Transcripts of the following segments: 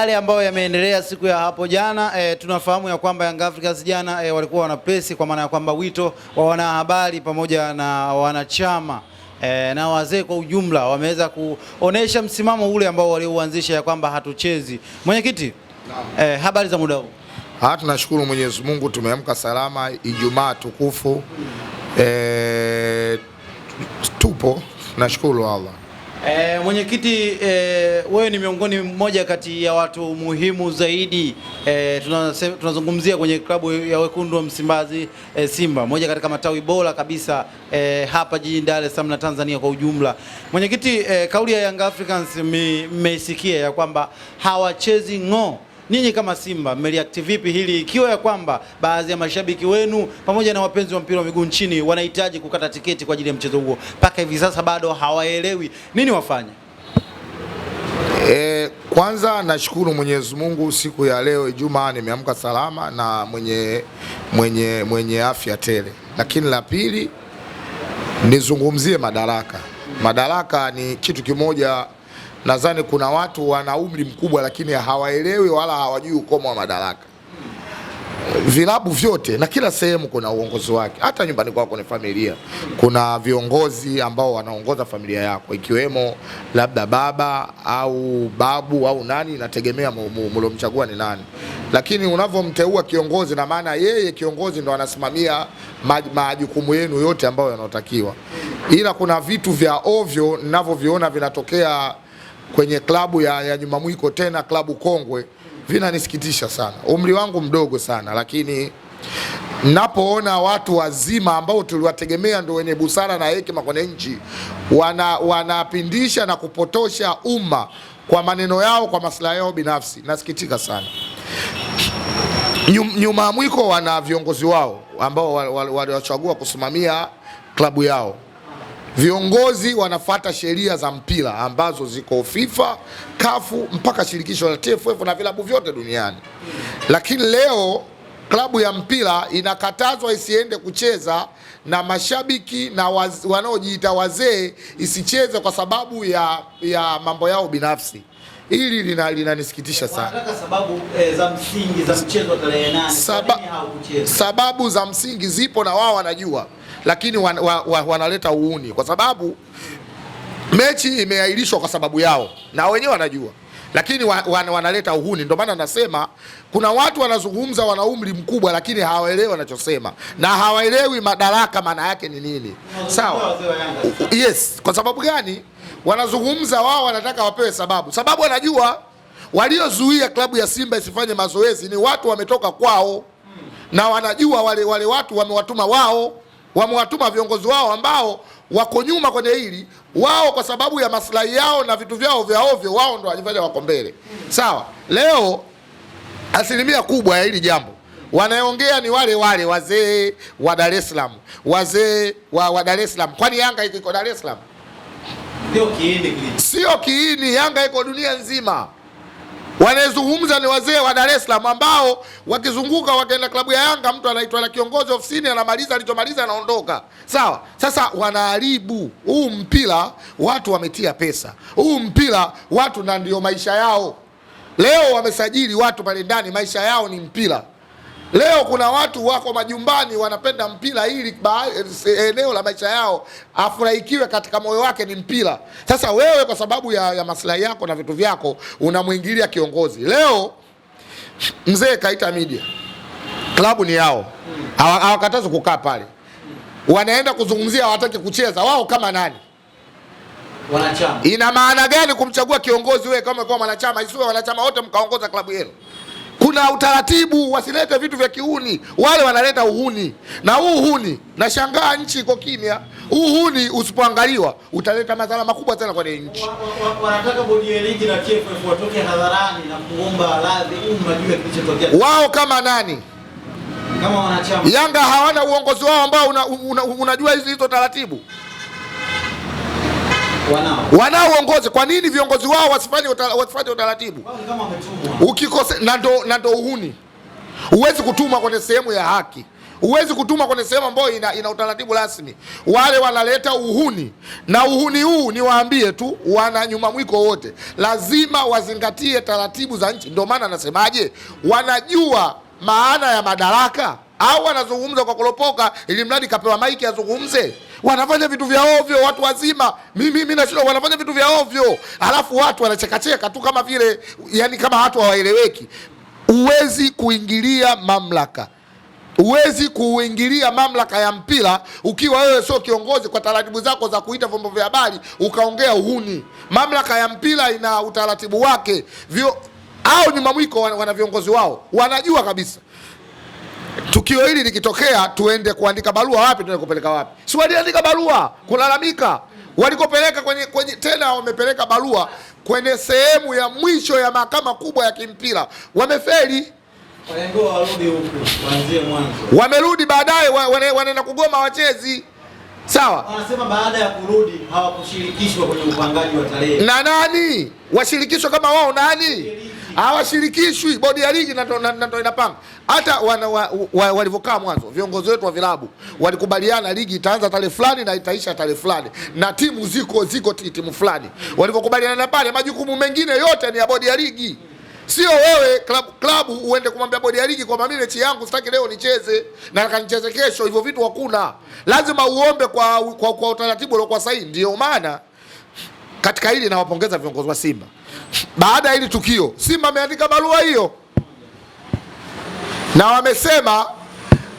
yale ambayo yameendelea siku ya hapo jana e, tunafahamu ya kwamba Young Africans jana e, walikuwa wana pesi kwa maana ya kwamba wito wa wanahabari pamoja na wanachama E, na wazee kwa ujumla wameweza kuonesha msimamo ule ambao waliouanzisha ya kwamba hatuchezi. Mwenyekiti, e, habari za muda huu? Ah, tunashukuru Mwenyezi Mungu tumeamka salama Ijumaa tukufu. E, tupo, nashukuru Allah. E, mwenyekiti e, wewe ni miongoni mmoja kati ya watu muhimu zaidi e, tunazungumzia kwenye klabu ya wekundu wa Msimbazi e, Simba, moja katika matawi bora kabisa e, hapa jijini Dar es Salaam na Tanzania kwa ujumla. Mwenyekiti e, kauli ya Young Africans mmeisikia ya kwamba hawachezi ng'o Ninyi kama Simba mmeliakti vipi hili, ikiwa ya kwamba baadhi ya mashabiki wenu pamoja na wapenzi wa mpira wa miguu nchini wanahitaji kukata tiketi kwa ajili ya mchezo huo, mpaka hivi sasa bado hawaelewi nini wafanye? E, kwanza nashukuru Mwenyezi Mungu siku ya leo Ijumaa nimeamka salama na mwenye, mwenye, mwenye afya tele, lakini la pili nizungumzie madaraka. Madaraka ni kitu kimoja nadhani kuna watu wana umri mkubwa lakini hawaelewi wala hawajui ukomo wa madaraka. Vilabu vyote na kila sehemu kuna uongozi wake. Hata nyumbani kwako kwenye familia kuna viongozi ambao wanaongoza familia yako, ikiwemo labda baba au babu au nani, nategemea mlomchagua ni nani, lakini unavyomteua kiongozi, na maana yeye kiongozi ndo anasimamia majukumu yenu yote ambayo yanaotakiwa, ila kuna vitu vya ovyo ninavyoviona vinatokea kwenye klabu ya, ya nyuma mwiko tena klabu kongwe, vinanisikitisha sana. Umri wangu mdogo sana, lakini napoona watu wazima ambao tuliwategemea ndio wenye busara na hekima kwenye nchi wana wanapindisha na kupotosha umma kwa maneno yao kwa maslahi yao binafsi, nasikitika sana. Nyuma mwiko wana viongozi wao ambao waliwachagua kusimamia klabu yao. Viongozi wanafata sheria za mpira ambazo ziko FIFA, kafu mpaka shirikisho la TFF na vilabu vyote duniani, lakini leo klabu ya mpira inakatazwa isiende kucheza na mashabiki na waz, wanaojiita wazee isicheze kwa sababu ya, ya mambo yao binafsi hili linanisikitisha lina sana sababu, e, za msingi, za mchezo tarehe nane, Saba, sababu za msingi zipo na wao wanajua, lakini wan, wa, wa, wanaleta uuni kwa sababu mechi imeahirishwa kwa sababu yao na wenyewe wanajua lakini wa, wa, wanaleta uhuni. Ndio maana nasema kuna watu wanazungumza, wana umri mkubwa, lakini hawaelewi wanachosema na hawaelewi madaraka maana yake ni nini. Sawa, yes. Kwa sababu gani wanazungumza wao? Wanataka wapewe sababu, sababu wanajua waliozuia klabu ya Simba isifanye mazoezi ni watu wametoka kwao, na wanajua wale, wale watu wamewatuma wao, wamewatuma viongozi wao ambao wako nyuma kwenye hili wao, kwa sababu ya maslahi yao na vitu vyao vya ovyo, wao ndo walifanya wako mbele. Sawa, leo asilimia kubwa ya hili jambo wanaongea ni wale wale wazee wa Dar es Salaam, wazee wa, wa Dar es Salaam. Kwani Yanga iko Dar es Salaam? Sio kiini, Yanga iko dunia nzima wanaezungumza ni wazee wa Dar es Salaam ambao wakizunguka wakaenda klabu ya Yanga, mtu anaitwa na kiongozi ofisini, anamaliza alichomaliza, anaondoka. Sawa, sasa wanaharibu huu mpira, watu wametia pesa huu mpira, watu na ndio maisha yao. Leo wamesajili watu pale ndani, maisha yao ni mpira. Leo kuna watu wako majumbani wanapenda mpira ili eneo la maisha yao afurahikiwe katika moyo wake ni mpira. Sasa wewe kwa sababu ya, ya maslahi yako na vitu vyako unamwingilia kiongozi. Leo mzee kaita media, klabu ni yao, hawakatazi kukaa pale, wanaenda kuzungumzia, hawataki kucheza wao. Kama nani wanachama, ina maana gani kumchagua kiongozi wewe kama kwa mwanachama? Isiwe wanachama wote mkaongoza klabu yenu kuna utaratibu, wasilete vitu vya kiuni. Wale wanaleta uhuni, na huu uhuni, nashangaa nchi iko kimya. Huu uhuni usipoangaliwa utaleta madhara makubwa sana kwa nchi. Wanataka bodi ya ligi na TFF watoke hadharani na kuomba radhi umma juu ya kilichotokea. Wao kama nani? Kama wanachama Yanga hawana uongozi wao ambao unajua una, una, una hizo taratibu wanao uongozi. Kwa nini viongozi wao wasifanye utaratibu? Ukikose na ndo uhuni. Huwezi kutumwa kwenye sehemu ya haki, huwezi kutuma kwenye sehemu ambayo ina, ina utaratibu rasmi. Wale wanaleta uhuni, na uhuni huu niwaambie tu, wana nyuma mwiko wote, lazima wazingatie taratibu za nchi. Ndio maana anasemaje, wanajua maana ya madaraka au wanazungumza kwa kulopoka, ili mradi kapewa maiki azungumze wanafanya vitu vya ovyo, watu wazima. Mimi mimi nashinda, wanafanya vitu vya ovyo, alafu watu wanachekacheka tu kama vile, yani kama watu hawaeleweki. Huwezi kuingilia mamlaka huwezi kuingilia mamlaka ya mpira ukiwa wewe sio kiongozi, kwa taratibu zako za kuita vyombo vya habari ukaongea uhuni. Mamlaka ya mpira ina utaratibu wake vio, au ni mamwiko wana viongozi wao wanajua kabisa tukio hili likitokea, tuende kuandika barua wapi? Tuende kupeleka wapi? Si waliandika barua kulalamika walikopeleka kwenye, kwenye tena wamepeleka barua kwenye sehemu ya mwisho ya mahakama kubwa ya kimpira wamefeli. Wamerudi baadaye wanaenda kugoma wachezi, sawa. Wanasema baada ya kurudi hawakushirikishwa kwenye upangaji wa tarehe na nani washirikishwa kama wao nani? hawashirikishwi bodi ya ligi ndio inapanga. Hata walivyokaa mwanzo viongozi wetu wa vilabu walikubaliana ligi itaanza tarehe fulani na itaisha tarehe fulani, na timu ziko ziko timu fulani. Walivyokubaliana pale, majukumu mengine yote ni ya bodi ya ligi. Sio wewe klabu klabu uende kumwambia bodi ya ligi kwamba mimi mechi yangu sitaki leo nicheze na kanicheze kesho. Hivyo vitu hakuna, lazima uombe kwa, kwa, kwa utaratibu uliokuwa sahihi. Ndio maana katika hili nawapongeza viongozi wa Simba. Baada ya hili tukio, Simba ameandika barua hiyo na wamesema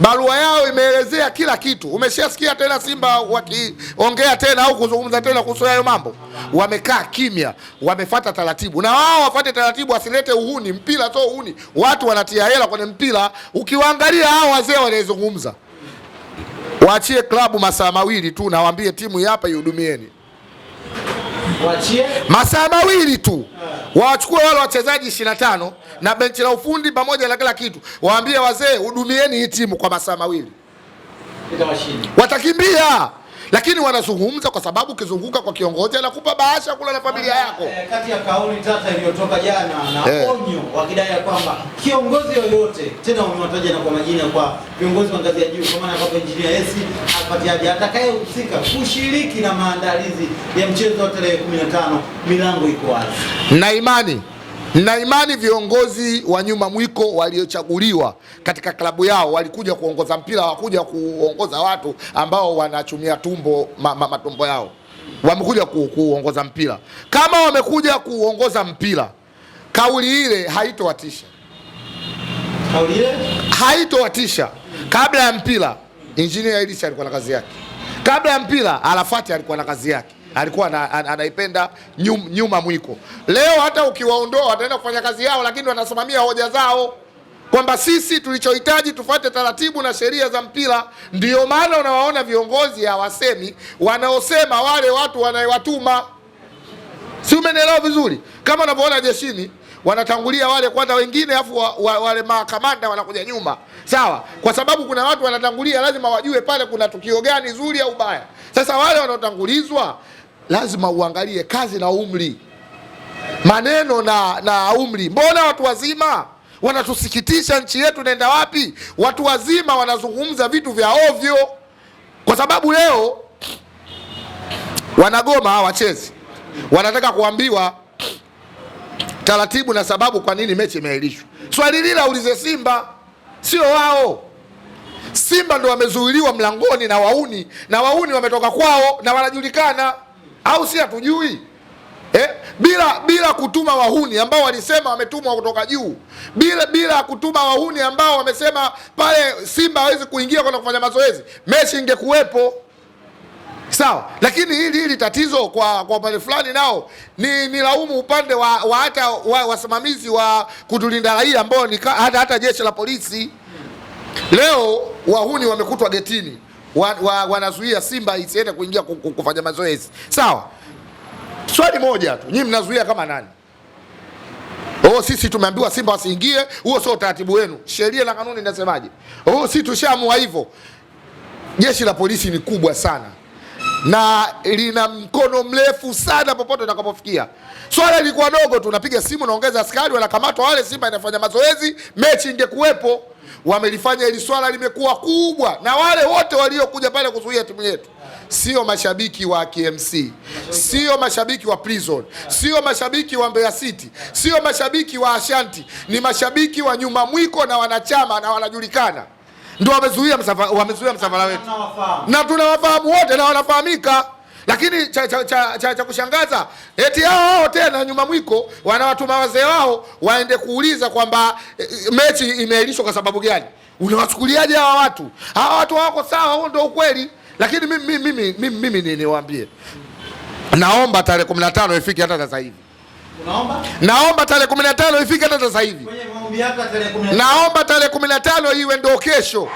barua yao imeelezea kila kitu. Umeshasikia tena Simba wakiongea tena au kuzungumza tena kuhusu hayo mambo? Wamekaa kimya, wamefata taratibu, na wao wafate taratibu, wasilete uhuni. Mpira sio uhuni, watu wanatia hela kwenye mpira. Ukiwaangalia hao wazee wanaezungumza, waachie klabu masaa mawili tu, nawaambie timu hapa ihudumieni masaa mawili tu waachukue wale wachezaji 25 na benchi la ufundi pamoja na kila kitu, waambie wazee, hudumieni hii timu kwa masaa mawili, watakimbia lakini wanazungumza kwa sababu ukizunguka kwa kiongozi anakupa bahasha kula na familia yako. E, kati ya kauli tata iliyotoka jana na e, onyo wakidai ya kwamba kiongozi yoyote tena wamewataja na kwa majina kwa viongozi wa ngazi ya juu, kwa maana kwamba Injinia Hersi Alfatiaji atakayehusika kushiriki na maandalizi ya mchezo wa tarehe 15 milango iko wazi na imani na imani viongozi wa nyuma mwiko waliochaguliwa katika klabu yao walikuja kuongoza mpira, wakuja kuongoza watu ambao wanachumia tumbo ma, ma, matumbo yao. Wamekuja ku, kuongoza mpira. Kama wamekuja kuongoza mpira, kauli ile haitowatisha, kauli ile haitowatisha. Kabla ya mpira, injinia Elisha alikuwa na kazi yake. Kabla ya mpira, Arafati alikuwa na kazi yake alikuwa anaipenda nyum, nyuma mwiko. Leo hata ukiwaondoa wataenda kufanya kazi yao, lakini wanasimamia hoja zao kwamba sisi tulichohitaji tufate taratibu na sheria za mpira. ndio maana unawaona viongozi hawasemi, wanaosema wale watu wanaewatuma Si umenielewa vizuri? Kama unavyoona jeshini wanatangulia wale kwanza wengine, afu wa, wa, wale makamanda wanakuja nyuma, sawa? Kwa sababu kuna watu wanatangulia, lazima wajue pale kuna tukio gani zuri au baya. Sasa wale wanaotangulizwa lazima uangalie kazi na umri, maneno na, na umri. Mbona watu wazima wanatusikitisha? Nchi yetu inaenda wapi? Watu wazima wanazungumza vitu vya ovyo, kwa sababu leo wanagoma hawachezi, wanataka kuambiwa taratibu na sababu kwa nini mechi imeahirishwa. Swali lile aulize Simba, sio wao. Simba ndo wamezuiliwa mlangoni na Wauni, na Wauni wametoka kwao na wanajulikana au si hatujui eh? Bila bila kutuma wahuni ambao walisema wametumwa kutoka juu, bila bila kutuma wahuni ambao wamesema pale Simba hawezi kuingia kwenda kufanya mazoezi, mechi ingekuwepo sawa. Lakini hili hili tatizo kwa kwa upande fulani nao ni ni laumu upande wa wa hata wa, wasimamizi wa kutulinda raia ambao hata hata jeshi la polisi. Leo wahuni wamekutwa getini wa, wa, wanazuia Simba isiende kuingia kufanya mazoezi sawa. Swali moja tu, nyinyi mnazuia kama nani? Oh, sisi tumeambiwa Simba wasiingie. Huo sio utaratibu wenu, sheria na kanuni inasemaje? Oh, sisi tushaamua hivyo. Jeshi la polisi ni kubwa sana na lina mkono mrefu sana popote utakapofikia. Swala lilikuwa dogo tu, napiga simu, naongeza askari, wanakamatwa wale. Simba inafanya mazoezi, mechi ingekuwepo. Wamelifanya hili swala limekuwa kubwa, na wale wote waliokuja pale kuzuia timu yetu sio mashabiki wa KMC, sio mashabiki wa Prison, sio mashabiki wa Mbeya City, sio mashabiki wa Ashanti, ni mashabiki wa nyuma mwiko na wanachama na wanajulikana ndio wamezuia msafara, wamezuia msafara wetu, na tunawafahamu wote na wanafahamika. Lakini cha, cha, cha, cha, cha kushangaza eti hao hao tena nyuma mwiko wanawatuma wazee wao waende kuuliza kwamba e, mechi imeahirishwa kwa sababu gani. Unawachukuliaje hawa watu? Hawa watu hawako sawa, huo ndio ukweli. Lakini mimi mimi mimi, mimi ni niwaambie, naomba tarehe 15 ifike hata sasa hivi. Unaomba? Naomba tarehe 15 ifike hata sasa hivi. Kwenye naomba tarehe 15 iwe ndio kesho.